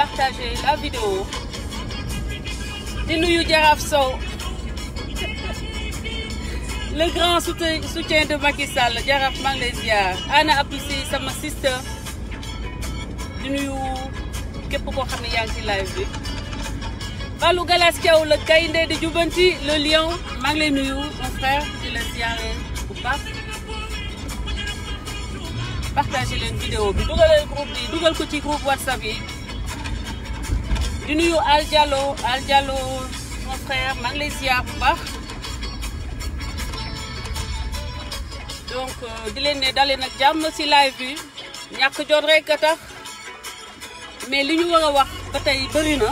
partager la vidéo di nuyu Jaraaf Sow le grand soutien soutien de Macky Jaraaf maa ngi ziar ana appsi sama sister di nuyu képp koo xam ne yaa ci live bi Fallou Galas Thiaw la gaynde di jubanti le lion maa nuyu mon di la ziare bu baax partagé vidéo bi dugalal groupe bi dugal ko ci groupe WhatsApp yi di nuyu Al Diallo Al Diallo mon lay ziar bu baax donc euh, di leen ne dalee nag jàmm si live bi ñàkk jot rek a mais li ñu war a wax ba tey bëri na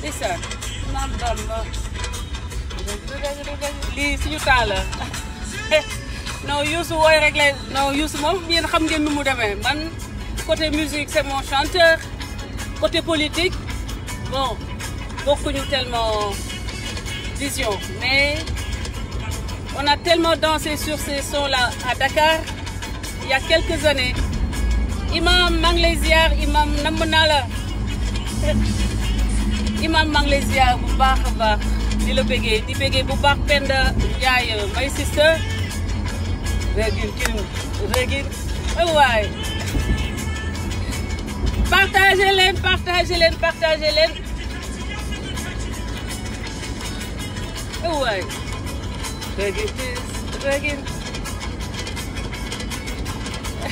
c'est ça maam suñu taa la non Youssou wooy rek la non moom yéen xam ngeen nu mu demee man côté musique c'est chanteur côté politique bon bokkuñu tellement vision mais on a tellement dansé sur ces sons là à Dakar il quelques années imam maa ziar imam namm la imam maa ziar bu baax a baax di la bëggee di bëggee bu baax Penda Ndiaye may sister régin kin régin waay partagez leen partagez leen partagez leen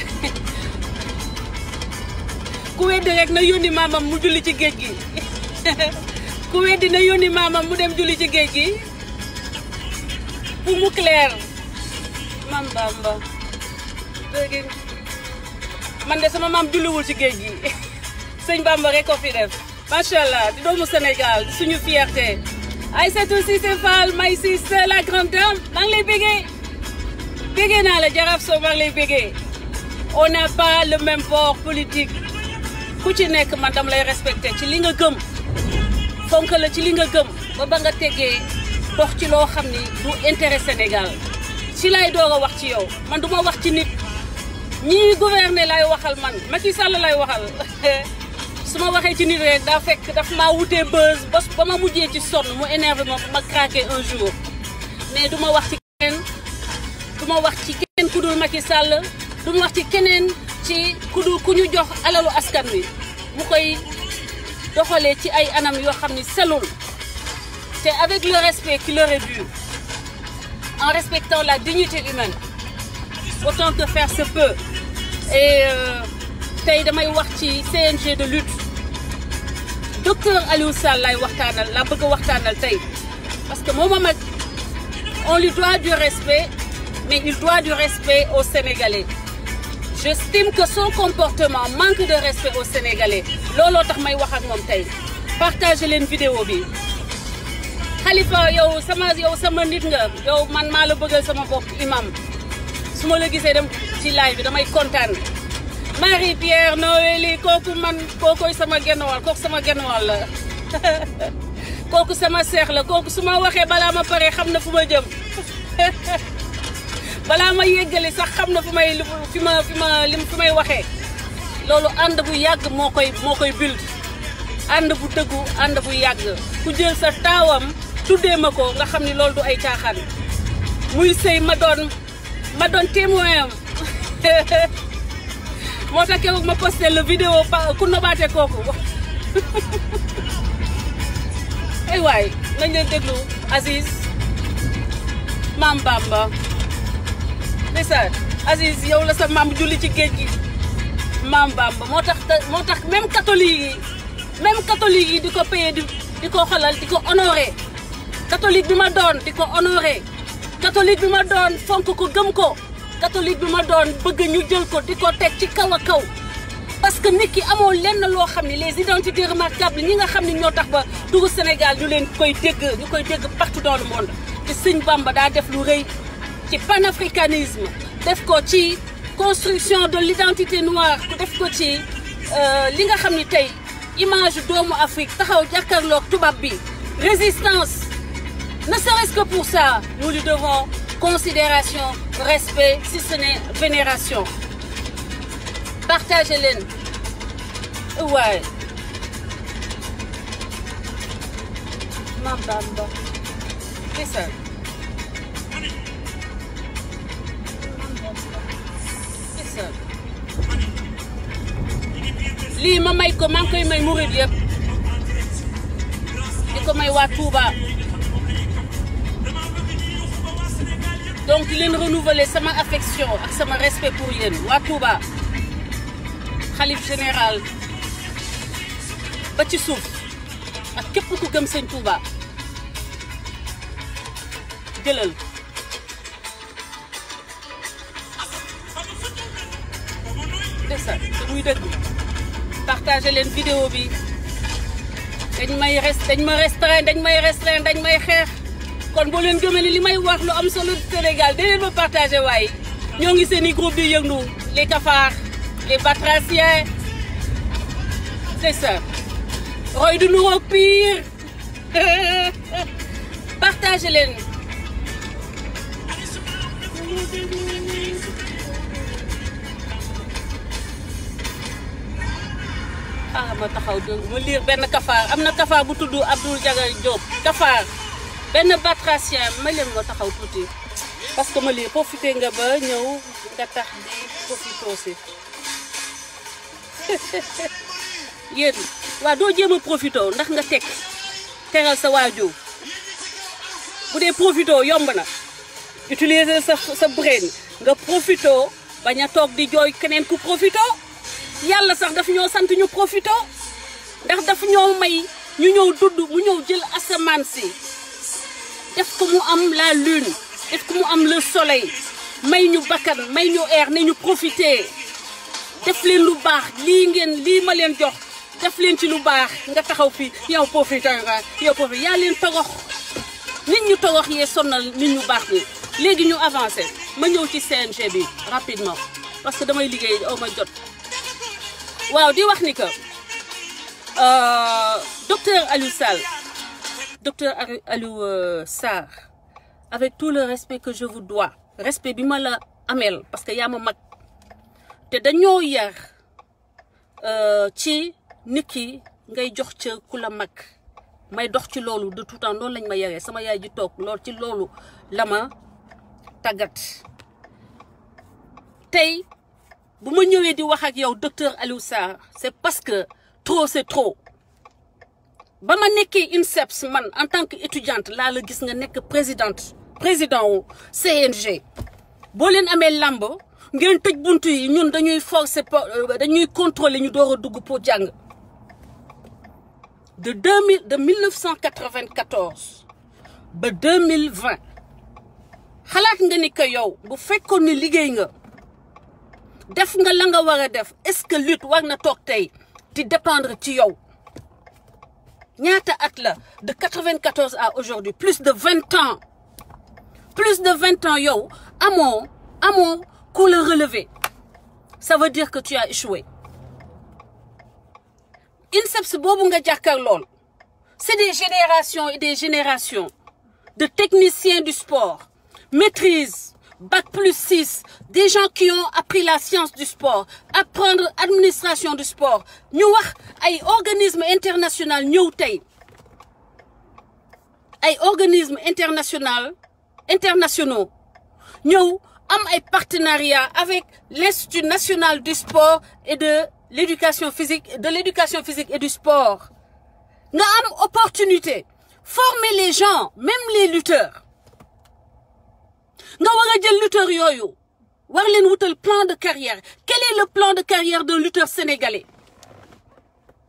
ku weddi rek na yónni maamam mu julli ci géej gi ku weddi na yónni maamam mu dem julli ci géej gi pour mu clair mam bamba man de sama maam julliwul ci géej gi sëñ Bamba rek ko fi def macha allah di doomu Sénégal di suñu fierté. Aïssatou Cissé Fall may Cissé la grande dame maa ngi lay bégee naa la jaraaf soo maa ngi lay bégee on n'a pas le même bord ku ci nekk man dama lay respecté ci li nga gëm fonk la ci li nga gëm ba ba nga tegee ci loo xam ni du intérêt Sénégal ci lay doog a wax ci yow man du ma wax ci nit ñii gouverner lay waxal man Macky Sall lay waxal su ma waxee ci nit rek daa fekk daf maa wutee buzz ba ma mujjee ci sonn mu énervé ma ma craqué un jour mais du ma wax ci kenn du ma wax ci kenn ku dul Macky Sall du ma wax ci keneen ci ku dul ku ñu jox alalu askan wi mu koy doxalee ci ay anam yoo xam ni selul te avec le respect qu'il aurait dû en respectant la dignité humaine autant que faire se peut tey damay wax ci CNG de lutte docteur Aliou Sall laay waxtaanal laa bëgg waxtaanal tey parce que moom mag on lui doit du respect mais il doit du respect aux Sénégalais j'estime que son comportement manque de respect aux Sénégalais looloo tax may wax ak moom tey partagé leen vidéo bi Khalifa yow sama sama nit nga yow man maa la bëggal sama bopp imam su ma la gisee dem ci live bi damay kontaan Marie Pierre Noël kooku man kookoy sama genn wàll kooku sama genn wàll la kooku sama seex la kooku su ma waxee balaa ma paree xam na fu ma jëm balaa ma yéggali sax xam na fu may fi ma fi ma lim fi may waxee loolu ànd bu yàgg moo koy moo koy ànd bu dëggu ànd bu yàgg ku jël sa taawam tuddee ma ko nga xam ni loolu du ay caaxaan muy sëy ma doon ma doon témoin moo tax keroog ma posté le vidéo pa ku nobaate kooku ay waay nañ leen déglu Aziz maam Bamba ndeysaan Aziz yow la sa maam julli ci géej gi maam Bamba moo tax moo tax même catholique yi même catholique yi di ko paye di ko xolal di ko honoré catholique bi ma doon di ko honoré catholique bi ma doon fonk ko gëm ko catholique bi ma doon bëgg ñu jël ko di ko teg ci kaw a kaw parce que nit ki amoo lenn loo xam ne les identités remarquables ñi nga xam ne ñoo tax ba dugg Sénégal ñu leen koy dégg ñu koy dégg partout dans le monde te sëñ Bamba daa def lu rëy ci panafricanisme def ko ci construction de l'identité noire def ko ci euh, li nga xam ni tey image doomu Afrique taxaw jàkkaarloog tubaab bi résistance ne serait-ce que pour ça nous lui devons considération respect si ce n'est vénération partagez leen waaye ma Bamba gisal gisal lii ma may ko maa ngi koy may murid yëpp di ko may donc di leen renouveler sama affection ak sama respect pour yéen waa Touba xalif général ba ci suuf ak képp ku gëm sëñ Touba jëlal desa te muy dëgg leen vidéo bi dañ may rest dañ ma restreint dañ may restreint dañ may xeex kon boo leen gëmee li may wax lu am solo Sénégal da leen ma partagé waaye ñoo ngi seeni i groupe di yëngu les cafards les batraciens c'est ça roy du nuroog pire partagé leen ah ma taxaw dégg liir benn kafaar am na kafaar bu tudd ak Diaga Diop kafaar benn batracien may leen nga taxaw tuuti parce que ma lii profité nga ba ñëw nga tax di profité aussi yéen waa doo jéem a ndax nga teg teral sa waajur bu dee profité yomb na utiliser sa sa brain nga profité bañ a toog di jooy keneen ku profité yàlla sax daf ñoo sant ñu profité ndax daf ñoo may ñu ñëw dudd mu ñëw jël asamaan si. def ko mu am la lune def ko mu am le soleil may ñu bakkan may ñu air ne ñu profiter def leen lu baax lii ngeen lii ma leen jox def leen ci lu baax nga taxaw fii yow profiter nga yow yaa leen togox nit ñu togox yee sonnal nit ñu baax ñi léegi ñu avancé ma ñëw ci CNG bi rapidement parce que damay liggéey aw ma jot waaw di wax ni que euh, docteur Aliou docteur Aliou euh, Sarr avec tout le respect que je vous dois respect bi ma la ameel parce que yaa ma mag te dañoo yar euh, ci nit ki ngay jox ca ku la mag may dox ci loolu de tout temps noonu lañ ma yaree sama yaay ji toog lool ci loolu la ma tàggat tey bu ma ñëwee di wax ak yow docteur Aliou Sarr c'est parce que trop c'est trop ba ma nekkee INSEPS man en tant que étudiante laa la gis nga nekk présidente président wu CNG boo leen amee làmb ngeen tëj buntu yi ñun dañuy forcer euh, dañuy contrôler ñu door a dugg pour jàng de deux mille de 1994 ba 2020 xalaat nga ni que yow bu fekkoon ni liggéey nga def nga la nga war a def est-ce que lutte war na toog tey di dépendre ci yow. ñaata at la de 94 à aujourd'hui plus de vingt ans plus de vingt ans yow amoo amoo coule la relever ça veut dire que tu as échoué INSEPS boobu nga jàkkaar lool c'est des générations et des générations de techniciens du sport maîtrise bac plus 6 des gens qui ont appris la science du sport apprendre administration du sport ñu ay organisme international ñëw tey ay organisme international internationaux ñëw am ay partenariat avec l'Institut national du sport et de l'éducation physique de l'éducation physique et du sport nga am opportunité former les gens même les lutteurs nga war a jël lutteur yooyu war leen wutal plan de carrière quel est le plan de carrière d'un lutteur sénégalais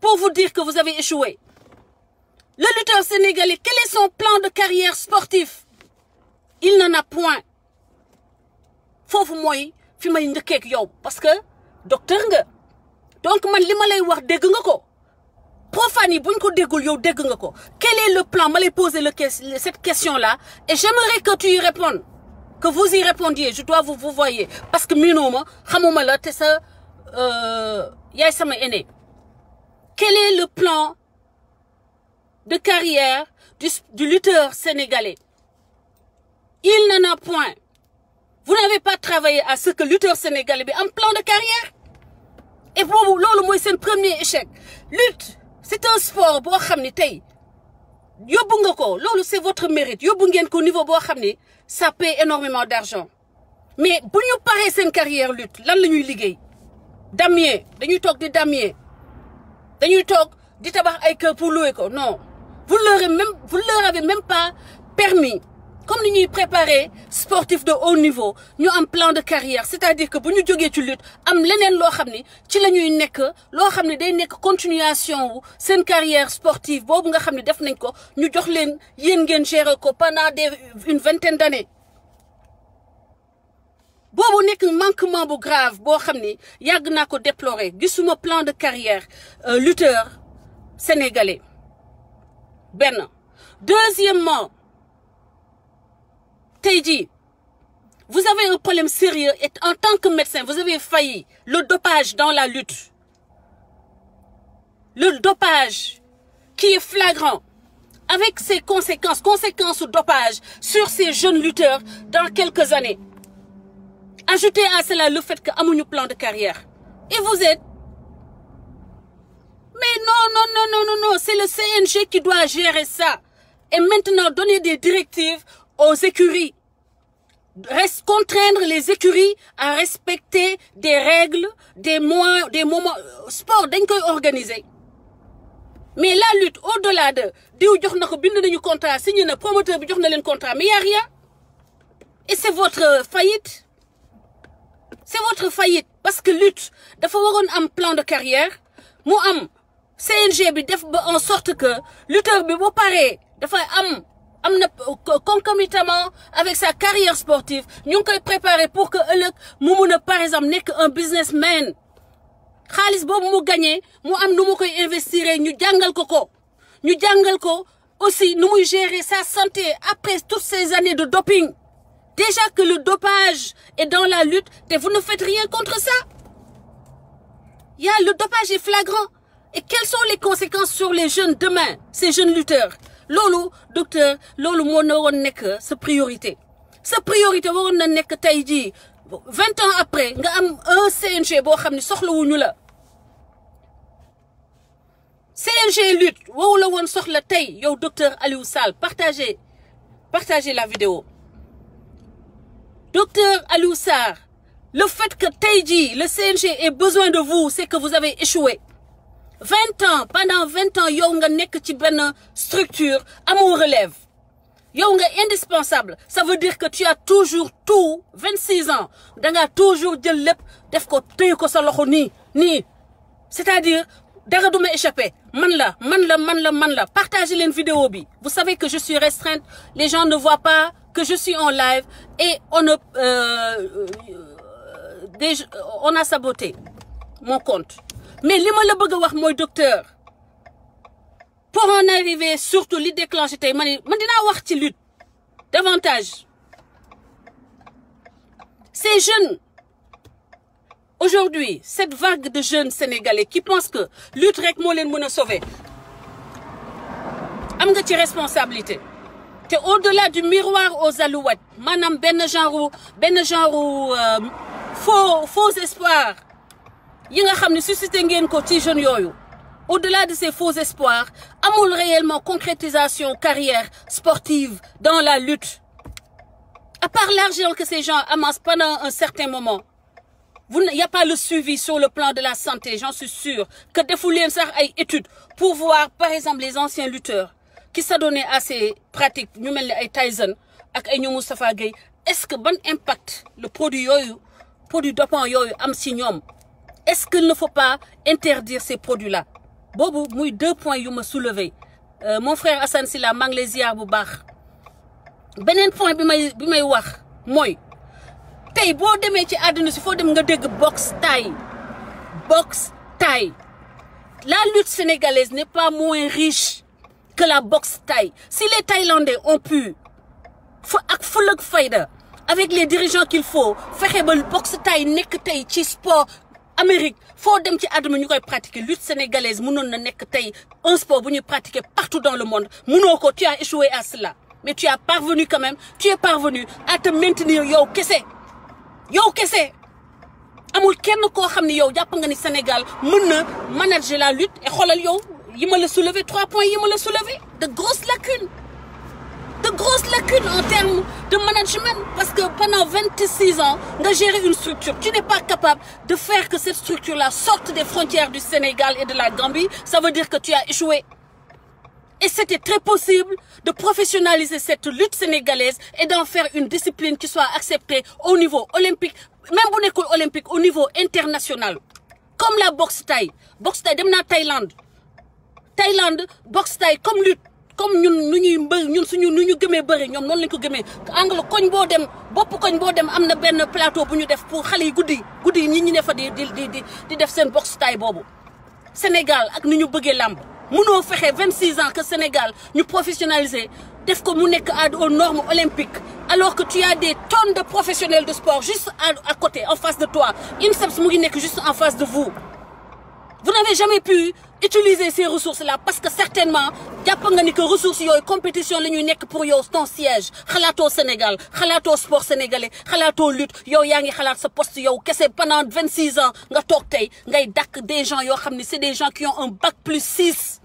pour vous dire que vous avez échoué le lutteur sénégalais quel est son plan de carrière sportif il n'en a point foofu mooy fi may njëkkeek yow parce que docteur nga donc man li ma lay wax dégg nga ko profane yi ko déggul yow dégg nga ko quel est le plan ma lay poser le cette question là et j'aimerais que tu y répondes que vous y répondiez je dois vous vous voyez parce que miinuma xamuma la te sa euh, yaay sama aîné quel est le plan de carrière du, du lutteur sénégalais il n'en a point vous n'avez pas travaillé à ce que lutteur sénégalais bi am plan de carrière et boobu loolu mooy seen premier échec lutte c'est un sport boo xam ne tey yóbbu nga ko loolu c'est votre mérite yóbbu ngeen ko niveau boo xam ni sape paie énormément d'argent mais bu ñu paree seen carrière lutte lan la ñuy liggéey damier dañuy toog di damier dañuy toog di tabax ay kër pour louer ko non vous leur avez même vous leur avez comme ni ñuy préparer sportif de haut niveau ñu am plan de carrière cest a dire que bu ñu jógee ci lutte am leneen loo xam ni ci la ñuy nekk loo xam ne day nekk continuation wu seen carrière sportive boobu nga xam ne def nañ ko ñu jox leen yéen ngeen gérer ko pendant des une vingtaine d'années boobu nekk manquement bu grave boo xam ni yàgg naa ko déplorer gisuma plan de carrière euh, lutteur sénégalais benn deuxièmement tey jii vous avez un problème sérieux et en tant que médecin vous avez failli le dopage dans la lutte le dopage qui est flagrant avec ses conséquences conséquences du dopage sur ces jeunes lutteurs dans quelques années ajoutez à cela le fait que amuñu plan de carrière et vous êtes mais non non non c'est le CNG qui doit gérer ça et maintenant donner des directives aux écuries. Reste contraindre les écuries à respecter des règles, des mois, des moments euh, sport dañ koy organiser mais la lutte au-delà de diw jox na ko bind nañu contrat signé na promoteur bi jox na leen contrat mais y a rien et c'est votre euh, faillite c'est votre faillite parce que lutte dafa waroon am plan de carrière mu am CNG bi def ba en sorte que lutteur bi boo pare dafay am am na concomitamment avec sa carrière sportive ñu ngi koy préparer pour que ëllëg mu mun a par exemple nekk un businessman xaalis boobu mu gagné mu am nu mu koy investir ñu jàngal ko ko ñu jàngal ko aussi nu muy gérer sa santé après toutes ces années de doping déjà que le dopage est dans la lutte te vous ne faites rien contre ça y a le dopage est flagrant et quelles sont les conséquences sur les jeunes demain ces jeunes lutteurs loolu docteur loolu moo na waroon nekk sa priorité sa priorité waroon na nekk tey jii vingt ans après nga am CNG boo xam ne soxlawuñu la CNG lutte waru la woon soxla tey yow docteur Aliou Sall partagez partagez la vidéo docteur Aliou Sall la fait que tey jii le CNG ait besoin de vous c'est que vous avez échoué vingt ans pendant vingt ans yow nga nekk ci benn structure amoo relève yow nga indispensable ça veut dire que tu as toujours tout vingt six ans dangaa toujours jël lépp def ko téye ko sa loxo nii nii c'est-à-dire dara du échappé man la man la man la man la partagez leen vidéo bi vous savez que je suis restreinte les gens ne voient pas que je suis en live et on a euh, euh on a saboté mon compte mais li ma la bëgg wax mooy docteur pour en arriver surtout li déclenché tey ma ne man wax ci lutte davantage ces jeunes aujourd'hui cette vague de jeunes sénégalais qui pensent que lutte rek moo leen mën a sauver am nga ci responsabilité te au-delà du miroir aux alouettes maanaam benn genre benn genre euh, faux faux espoir yi nga xam ne suscité ngeen ko ci jeunes yooyu au-delà de ces faux espoirs amul réellement concrétisation carrière sportive dans la lutte à part l'argent que ces gens amassent pendant un certain moment vous il n'y a pas le suivi sur le plan de la santé j'en suis sûre que defu leen sax ay étude pour voir par exemple les anciens lutteurs qui s'adonnaient à ces pratiques ñu mel ni ay Tyson ak ay ñoom Moustapha Gueye est-ce que ban impact le produit yooyu produit dopant yooyu am si ñoom est-ce qu'il ne faut pas interdire ces produits-là muy deux point yu ma soulever euh, mon frère Assane Sylla maa ngi lay ziar bu baax beneen point bi may bi may wax mooy tey boo demee ci àdduna si foo dem nga dégg box taille box taille la lutte sénégalaise n'est pas moins riche que la boxe si le Thaïlandais on pu fa ak fëlëg fayda avec les dirigeants qu'il faut fexe ba boxe thaï nekk tey ci sport Amérique foo dem ci àdduna ñu koy pratiquer lutte sénégalaise mënoon na nekk tey un bu ñuy pratiquer partout dans le monde mënoo ko tu as échoué à cela mais tu as parvenu quand même tu es parvenu à te maintenir yow kese yow kese amul kenn koo xam ni yow jàpp nga ni Sénégal mën na manager la lutte et xoolal yow yi ma la soulever trois points yi ma la soulever de grosses lacunes de grosses lacunes en termes de management parce que pendant 26 ans, nga gérer une structure, tu n'es pas capable de faire que cette structure-là sorte des frontières du Sénégal et de la Gambie, ça veut dire que tu as échoué. Et c'était très possible de professionnaliser cette lutte sénégalaise et d'en faire une discipline qui soit acceptée au niveau olympique, même bu nekkul olympique, au niveau international. Comme la boxe thaï. Boxe thaï mbër ñun suñu nu ñu gëmee bëri ñoom noonu lañ ko gëmee angle koñ boo dem bopp koñ boo dem am na benn plateau bu ñu def pour xale yi guddi guddi yi ñi ñu ne fa di di di di def seen box taay boobu Sénégal ak ni ñu bëggee làmb mënoo fexe 26 ans que Sénégal ñu professionnaliser def ko mu nekk à aux normes olympiques alors que tu as des tonnes de professionnels de sport juste à côté en face de toi INSEPS mu ngi nekk juste en face de vous vous n'avez jamais pu utiliser ces ressources là parce que certainement jàpp nga ni que ressources yooyu compétition la ñuy nekk pour yow ton siège xalaatoo Sénégal xalaatoo sport sénégalais xalaatoo lutte yow yaa ngi xalaat sa poste yow kese pendant vingt six ans nga toog tey ngay dàkk des gens yoo xam ne c'est des gens qui ont un bac plus six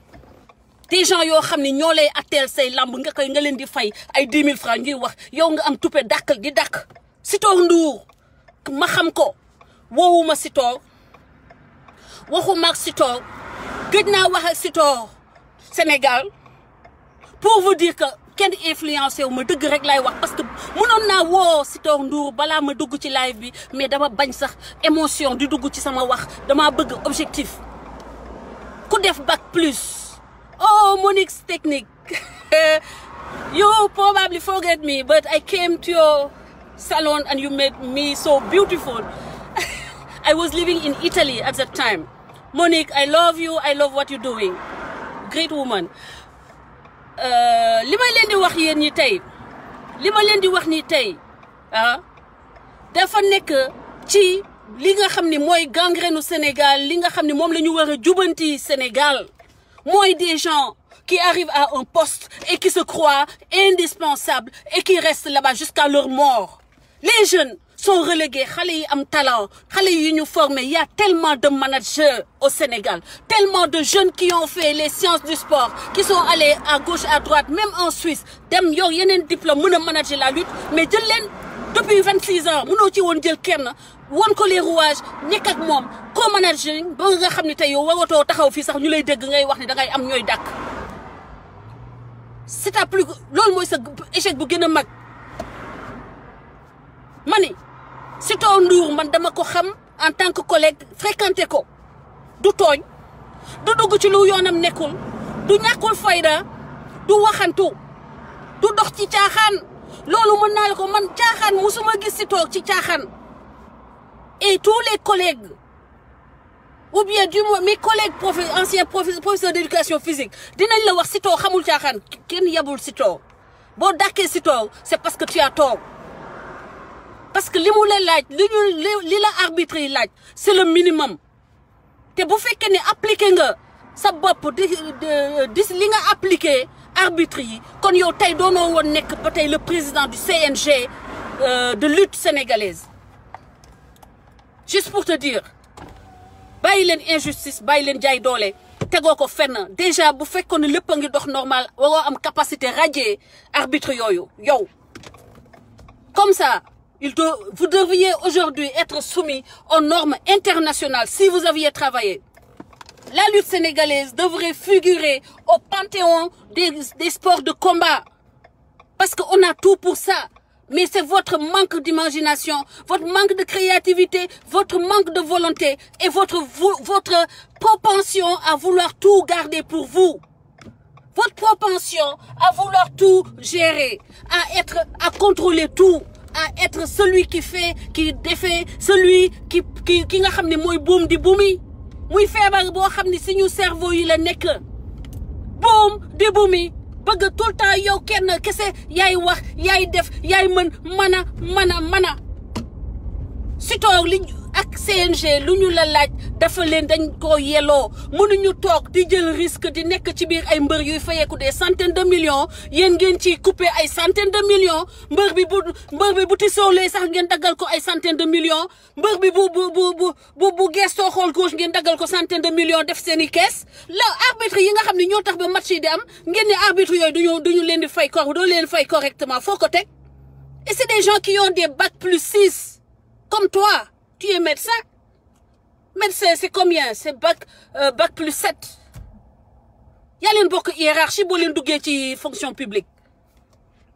des gens yoo xam ne ñoo lay atteel say lamb nga koy nga leen di fay ay dix mille francs ñuy wax yow nga am tupe dàkk di dàkk Sitor Ndour ma xam ko woowuma Sitor waxuma ak Sitor gëj naa wax ak Sitor Sénégal pour vous dire kenn influencé wu ma dëgg rek lay wax parce que mënoon naa woo Sitor Ndour balaa ma dugg ci live bi mais dama bañ sax émotion di dugg ci sama wax dama bëgg objectif ku def bac plus oh Monique technique you probably forget me but I came to your salon and you made me so beautiful I was living in Italy at that time Monique I love you I love what you doing great woman euh, li may leen di wax yéen ñi tey li ma leen di wax ni tey ah dafa nekk ci li nga xam ni mooy nu Sénégal li nga xam ni moom la ñu war a jubanti Sénégal mooy des gens qui arrivent à un poste et qui se croient indispensables et qui restent là-bas jusqu'à leur mort les jeunes sont relégué xale yi am talent xale yi ñu formé il y tellement de managers au Sénégal tellement de jeunes qui ont fait les sciences du sport qui sont allés à gauche à droite même en Suisse dem yor yeneen diplôme mën a manager la lutte mais jël leen depuis vingt six ans mënoo ci woon jël kenn won ko les rouages nekk ak moom co-managing ba nga xam ne tey yow waratoo taxaw fii sax ñu lay dégg ngay wax ne dangay am ñooy dàkk c'est à plus loolu mooy sa échec bu gën a mag ma Sitor Ndour man dama ko xam en tant que collègue fréquenté ko du tooñ du dugg ci lu yoonam nekkul du ñàkkul fayda du waxantu du dox ci caaxaan loolu mën naa la ko man caaxaan musuma gis Sitor ci caaxaan et tous les collègues ou bien du moins mes collègues prof anciens professeurs d'éducation physique dinañ la wax Sitor xamul caaxaan kenn yabul Sitor boo dàkkee Sitor c'est parce que tu as parce que li la laaj li ñu li la arbitre yi laaj c'est le minimum te bu fekkee ni appliqué nga sa bopp di di li nga appliqué arbitre yi kon yow tey doonoo woon nekk ba tey le président du CNG euh, de lutte sénégalaise juste pour te dire bàyyi leen injustice bàyyi leen jaay doole tegoo ko fenn déjà bu fekkoon ne lépp a ngi dox normal waroo am capacité radier arbitre yooyu yow comme Il vous devriez aujourd'hui être soumis aux normes internationales si vous aviez travaillé. La lutte sénégalaise devrait figurer au panthéon des, sports de combat. Parce qu'on a tout pour ça. Mais c'est votre manque d'imagination, votre manque de créativité, votre manque de volonté et votre propension à vouloir tout garder pour vous. Votre propension à vouloir tout gérer, à être, à contrôler tout. a etre celui ki fait qui défait celui qui ki nga xam ne mooy buum di bumi muy feebar boo xam ne suñu cerveau yi la nekk buum di bumi bëgg tout le yow kenn kese yaay wax yaay def yaay mën mën a mën a mën a sitoor li ak CNG lu ñu la laaj dafa leen dañ ko yelloo mënuñu toog di jël risque di nekk ci biir ay mbër yuy fayeeku de centaines de millions yéen ngeen ciy coupé ay centaines de millions mbër bi bu mbër bi bu tisoolee sax ngeen daggal ko ay centaines de millions mbër bi bu bu bu bu bu bu gestoo xool gauche ngeen daggal ko centaines de millions def seeni i kees la arbitre yi nga xam ni ñoo tax ba match yi di am ngeen ne arbitre yooyu duñu duñu leen di fay kor doo leen fay correctement foo ko teg et c'est des Tu es médecin. Médecin, c'est combien C'est bac, euh, bac plus 7. Il y a une hiérarchie pour les fonction publique.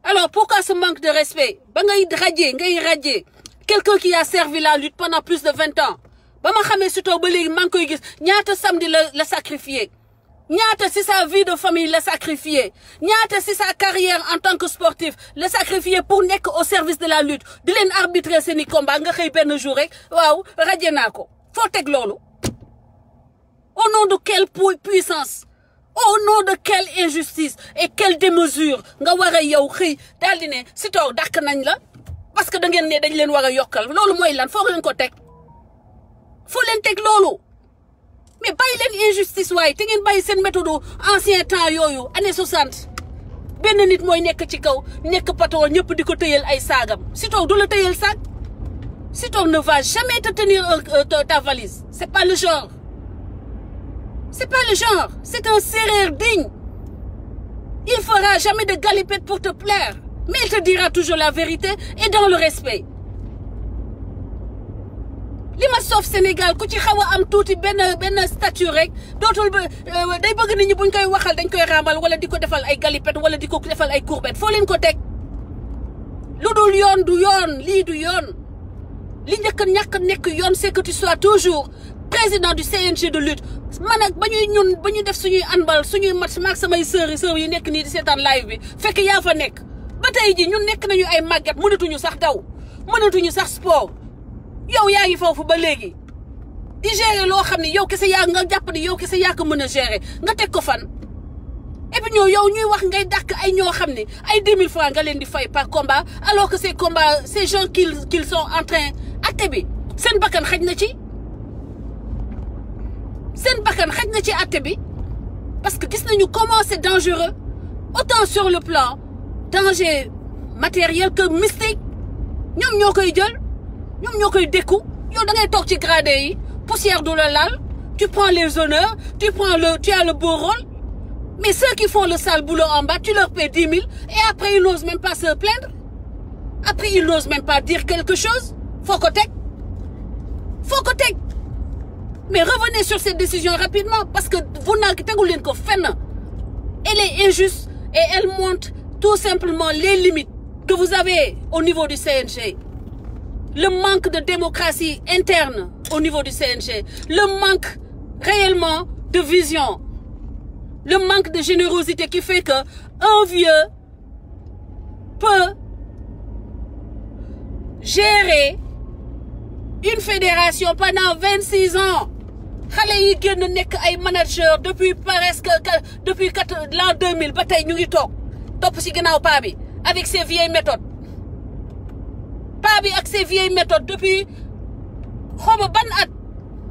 Alors, pourquoi ce manque de respect Bah, radier, Quelqu'un qui a servi la lutte pendant plus de vingt ans. Bah, ma chamé, surtout, manque de samedi le sacrifier. ñaata si sa vie de famille la sacrifier ñaata si sa carrière en tant que sportif la sacrifier pour nekk au service de la lutte di leen arbitrer seeni combat nga xëy benn jour rek waaw raje naa ko foo teg loolu au nom de quelle puissance au nom de quelle injustice et quelle démesure nga war a yow xëy dal di ne si toog dàq nañ la parce que da ngeen ne dañ leen war a yokkal loolu mooy lan foo leen ko teg foo leen teg loolu mais bàyyi leen injustice waaye te ngeen bàyyi seen méthode ancien temps yooyu année 60 benn nit mooy nekk ci kaw nekk patron ñëpp di ko tëyal ay saagam Sitor du la tëyal saag Sitor ne va jamais te tenir euh, euh, ta valise c'est pas le genre c'est pas le genre c'est un Sérère digne il fera jamais de galipette pour te plaire mais il te dira la vérité et dans le respect li ma soof Sénégal ku ci xaw a am tuuti benn benn statut rek dootul ba euh, day bëgg nit ñi buñ koy waxal dañ koy ràmbal wala di ko defal ay galipette wala di ko defal ay courbette foo leen ko teg lu dul yoon du yoon lii du yoon li njëkk a ñàkk nekk yoon c'est que tu sois toujours président du CNG de lutte man ak ba ñuy ñun ba ñu def suñuy anbal suñuy match maag samay sœurs yi sœurs yi nekk nii di seetaan live bi fekk yaa fa nekk ba tey ji ñun nekk nañu ay màgget mënatuñu sax daw mënatuñu sax sport yow yaa ngi foofu ba léegi di gérer loo xam ne yow kese yaa nga jàpp ne yow kese yaa ko mën a gérer nga teg ko fan. et puis ñoo yow ñuy wax ngay dàkk ay ñoo xam ne ay 10 000 francs nga leen di fay par combat alors que ces komba se gens qu'ils qu'ils sont en train bi seen bakkan xaj na ci. seen bakkan xaj na ci atte bi parce que gis nañu comment c'est dangereux otan sur le plan danger matériel que mystique ñoom ñoo koy jël. ñoom ñoo koy dékku yow da ngay toog ci gradé poussière du la laal tu prends les honneurs tu prends le tu as le beau rôle mais ceux qui font le sale boulot en bas tu leur paies dix mille et après ils n'osent même pas se plaindre après ils n'osent même pas dire quelque chose foo ko teg ko teg mais revenez sur cette décision rapidement parce que vous na tegul leen ko fenn elle est injuste et elle montre tout simplement les limites que vous avez au niveau le manque de démocratie interne au niveau du CNG, le manque réellement de vision, le manque de générosité qui fait que un vieux peut gérer une fédération pendant 26 ans. xale yi génn nekk ay manager depuis presque depuis l'an 2000 ba tey ñu ngi toog topp ci ginnaaw paa bi avec ses vieilles méthodes tubaab yi ak ses vieilles méthodes depuis xawma ban at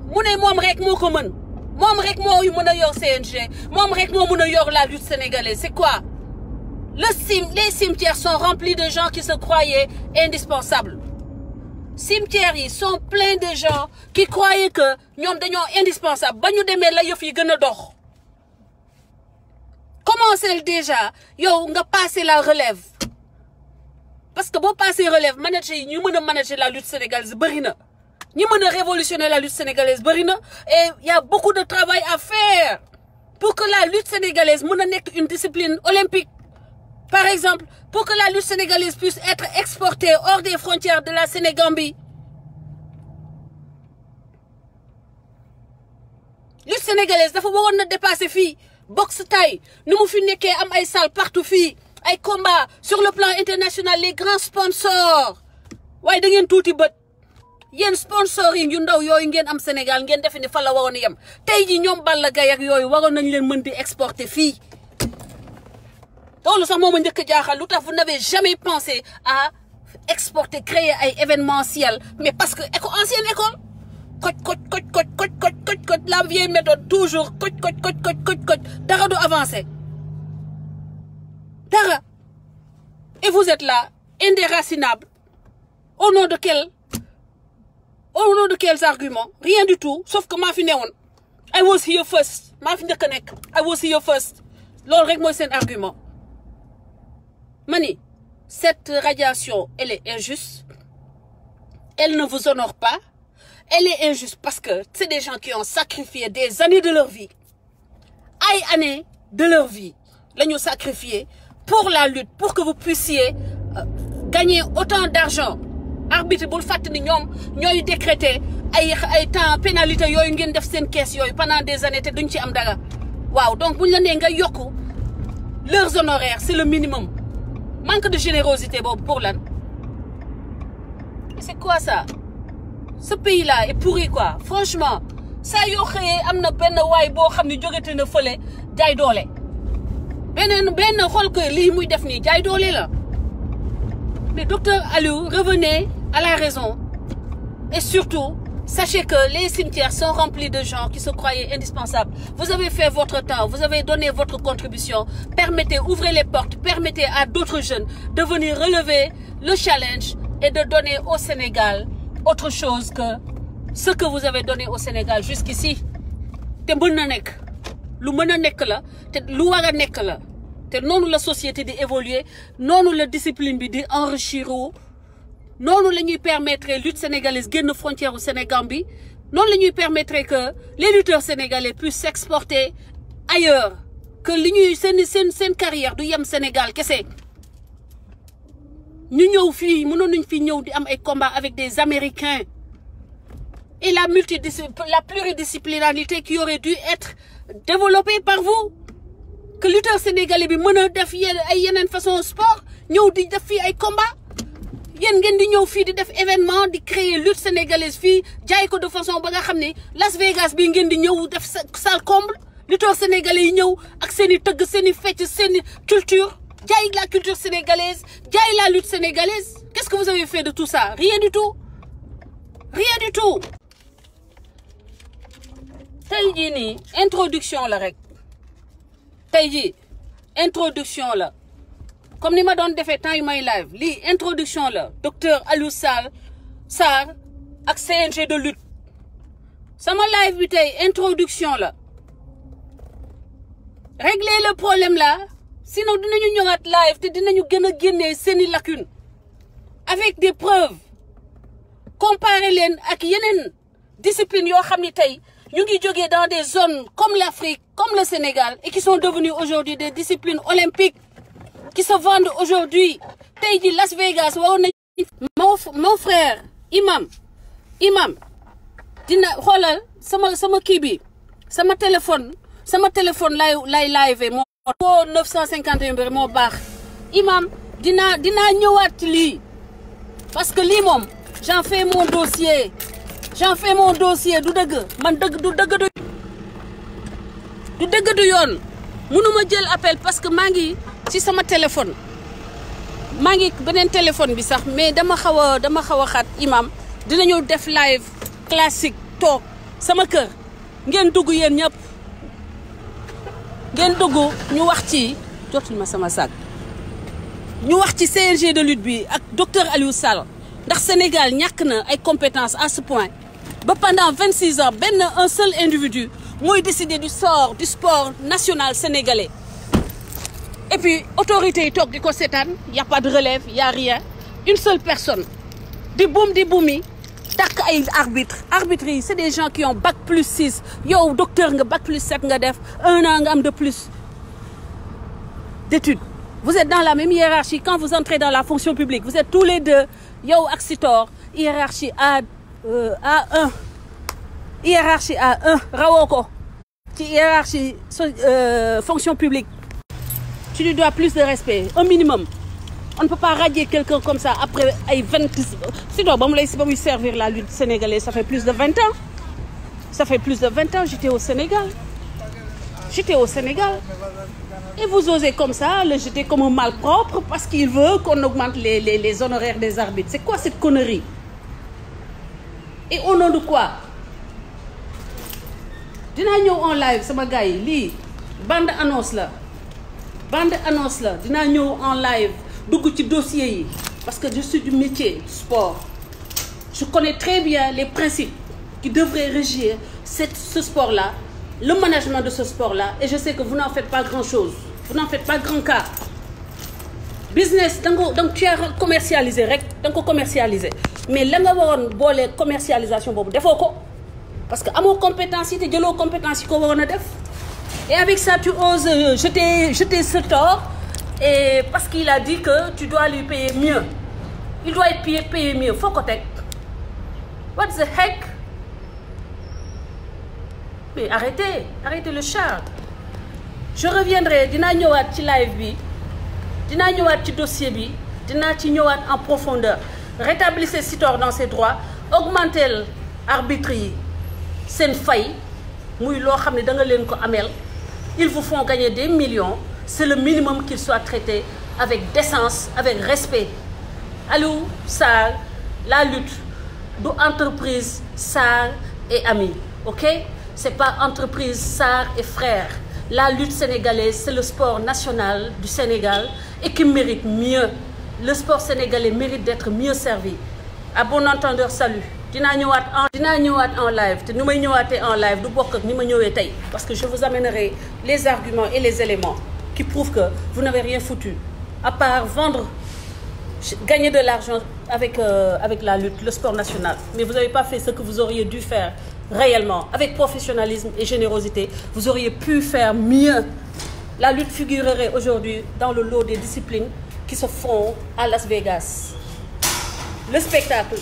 mu ne moom rek moo ko mën moom rek moo mën a yor CNG moom rek moo mën a yor la lutte sénégalaise c'est quoi le cim les cimetières sont remplis de gens qui se croyaient indispensables cimetières yi sont pleins de gens qui croyaient que ñoom dañoo indispensable ba ñu demee la yëf yi gën a dox commencez déjà yow nga passer la parce que boo passé relève manager yi ñu mën a la lutte sénégalaise bëri na ñi mën a révolutionner la lutte sénégalaise bëri na et y de travail à faire pour que la lutte sénégalaise mën a nekk une discipline olympique par exemple pour que la lutte sénégalaise puisse être exportée hors des frontières de la Sénégambie lutte sénégalaise dafa waroon na dépasser fii boxe thaï nu mu fi nekkee am ay salle partout fii ay combat sur le plan international les grands sponsors waaye da ngeen tuuti bët yéen sponsors yi ñu ndaw yooyu ngeen am Sénégal ngeen defe ne fa la waroon a yem tey ji ñoom Balla Gaye yooyu waroon nañ leen mën di exporter fii loolu sax moom ma njëkk a lu tax vous n'avez jamais pensé à exporter créer ay événementiel mais parce que éco ancienne école koj koj koj koj koj koj koj la vieille méthode toujours koj koj koj koj koj dara du avancer dara et vous êtes là indéracinable au nom de quel au nom de quels arguments rien du tout sauf que maa fi newoon I was here first maa fi njëkk a nekk I was here first loolu rek mooy seen argument ma ni cette radiation elle est injuste elle ne vous honore pas elle est injuste parce que c'est des gens qui ont sacrifié des années de leur vie ay années de leur vie la ñu sacrifié pour la lutte pour que vous puissiez euh, gagner autant d'argent arbitre bul fàtt ni ñoom ñooy décréter ay ay temps pénalité yooyu ngeen def seen kees yooyu pana des années te duñ ci am dara waaw donc buñ la nee nga yokk leurs honoraires c'est le minimum manque de générosité boobu pour lan c'est quoi ça ce pays là est pourri quoi franchement saa yoo am na benn waay boo xam ne jógete na fële jaay doole beneen benn xool que lii muy def nii jaay doole la mais docteur Aliou revenez à la raison et surtout sachez que les cimetières sont remplis de gens qui se croyaient indispensables vous avez fait votre temps vous avez donné votre contribution permettez ouvrez les portes permettez à d'autres jeunes de venir relever le challenge et de donner au Sénégal autre chose que ce que vous avez donné au Sénégal jusqu'ici te mën na nekk lu mën a nekk la te lu war a nekk la te noonu la société di évoluer noonu la discipline bi di enrichir wu la ñuy permettre lutte sénégalaise génn frontière u Sénégal bi noonu la ñuy permettre que les lutteurs sénégalais puissent s'exporter ailleurs que li ñuy seen seen seen carrière du yem Sénégal kese ñu ñëw fii mënoon nañ fi ñëw di am ay combat avec des américains et la multidis la pluridisciplinarité qui aurait dû être développée par vous que lutteur sénégalais bi mën a def yenn ay yeneen façon sport ñëw di def fi ay combat yéen ngeen di ñëw fii di def événement di créer lutte sénégalaise fii jaay ko de façon ba nga xam ne Las Vegas bii ngeen di ñëw def salle comble lutteur sénégalais yi ñëw ak seen i tëgg seen i fecc seen i culture jaay la culture sénégalaise jaay la lutte sénégalaise qu'est-ce que vous avez fait de tout ça rien du tout rien du tout tey jii nii introduction la rek tey jii introduction la comme ni ma doon defee temps yu may live lii introduction la docteur Aliou Sall Sarr ak CNG de lutte sama live bi tey introduction la régler le problème la sinon dinañu ñëwaat live te dinañu gën a génnee seeni lacunes avec des preuves comparer leen ak yeneen discipline yoo xam ni tey ñu ngi jógee dans des zones comme l'Afrique comme le Sénégal et qui sont devenues aujourd'hui des disciplines olympiques qui tey ji Las Vegas waroon nañ frère imam imam dina xoolal sama sama kii bi sama téléphone sama téléphone lay lay live moo moo 951 bi moo baax imam dinaa dinaa ñëwaat lii parce que lii moom j'en fais mon dossier j'en fais mon dossier du dëgg du dëgg du. du dëgg du yoon mënuma jël appel parce que maa ngi ci sama téléphone maa ngi beneen téléphone bi sax mais dama xaw a dama xaw a xaat imam dinañu def live classique toog sama kër ngeen dugg yéen ñëpp ngeen dugg ñu wax ci jotul ma sama sàkk ñu wax ci CNG de lutte bi ak docteur Aliou Sall ndax Sénégal ñàkk na ay compétences à point ba pendant vingt six ans ben un seul individu mooy décider du sport national sénégalais et puis autorités yi toog di ko y' a pas de relève y' a rien une seule personne di buum di buum yi dàq ay arbitre arbitres yi c' des gens qui ont bac plus six yow docteur nga bac plus sept nga def un an nga am de plus d' études vous êtes dans la même hiérarchie quand vous entrez dans la fonction publique vous êtes tous les deux yow ak Sitor hiérarchie A Euh, A1 hiérarchie A1 rawoo ko ci hiérarchie euh, fonction publique tu lui dois plus de respect un minimum on ne peut pas radier quelqu'un comme ça après ay vingt sinon ba mu lay servir la lutte sénégalaise ça fait plus de vingt ans ça fait plus de vingt ans j'étais au Sénégal j'étais au Sénégal et vous osez comme ça le jeter comme un malpropre parce qu'il veut qu'on augmente les honoraires des arbitres c'est quoi cette connerie et au nom de quoi dinaa ñëw en live sama gars yi lii band annonce la bande annonce la dinaa ñëw en live dugg ci dossier yi parce que je suis du métier sport je connais très bien les principes qui devraient régir cette ce sport là le management de ce sport là et je sais que vous n'en faites pas grand chose vous n'en faites pas grand cas business da nga ko tu as commercialisé rek da nga ko commercialisé mais la nga waroon boolee commercialisation boobu defoo ko parce que amoo compétence yi te jëloo compétence yi ko waroon a def et avec ça tu oses euh, jeter ce tort parce qu'il a dit que tu dois lui payer mieux il doit être payé payer mieux foo ko teg what the heck mais arrêtez arrêtez le char je reviendrai dinaa ñëwaat ci live bi dinaa ñëwaat ci dossier bi dina ci ñëwaat en profondeur rétablissez Sitor dans ses droits augmentez arbitre yi seen fay muy loo xam ne da leen ko ameel ils vous font gagner des millions c'est le minimum qu'ils soient traités avec décence avec respect Aliou Sarr la lutte du entreprise Sarr et amis ok c'est pas entreprise Sarr et frères La lutte sénégalaise, c'est le sport national du Sénégal et qui mérite mieux. Le sport sénégalais mérite d'être mieux servi. À bon entendeur, salut. dinaa ñëwaat en dinaa ñëwaat en live te ni may ñëwaatee en live du bokk ak ni ma ñëwee tey parce que je vous amènerai les arguments et les éléments qui prouvent que vous n'avez rien foutu à part vendre gagner de l'argent avec euh, avec la lutte le sport national mais vous n'avez pas fait ce que vous auriez dû faire réellement, avec professionnalisme et générosité, vous auriez pu faire mieux. La lutte figurerait aujourd'hui dans le lot des disciplines qui se font à Las Vegas. Le spectacle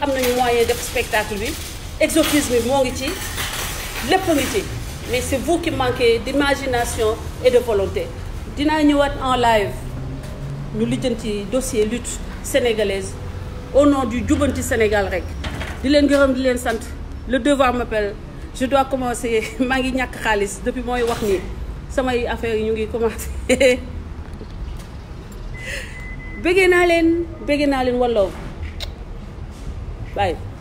am nañu moyen def spectacle bi exotisme bi moo ngi ci lépp mais c'est vous qui manquez d'imagination et de volonté. dinaa ñëwaat en live ñu lijjanti dossier lutte sénégalaise au nom du jubbanti Sénégal rek di leen gërëm di leen sant. le devoir m'appelle je dois commencer maa ngi ñàkk xaalis depuis mooy wax nii samay affaire yi ñu ngi commencer bëggee naa leen bëggee naa leen wallaaw waaye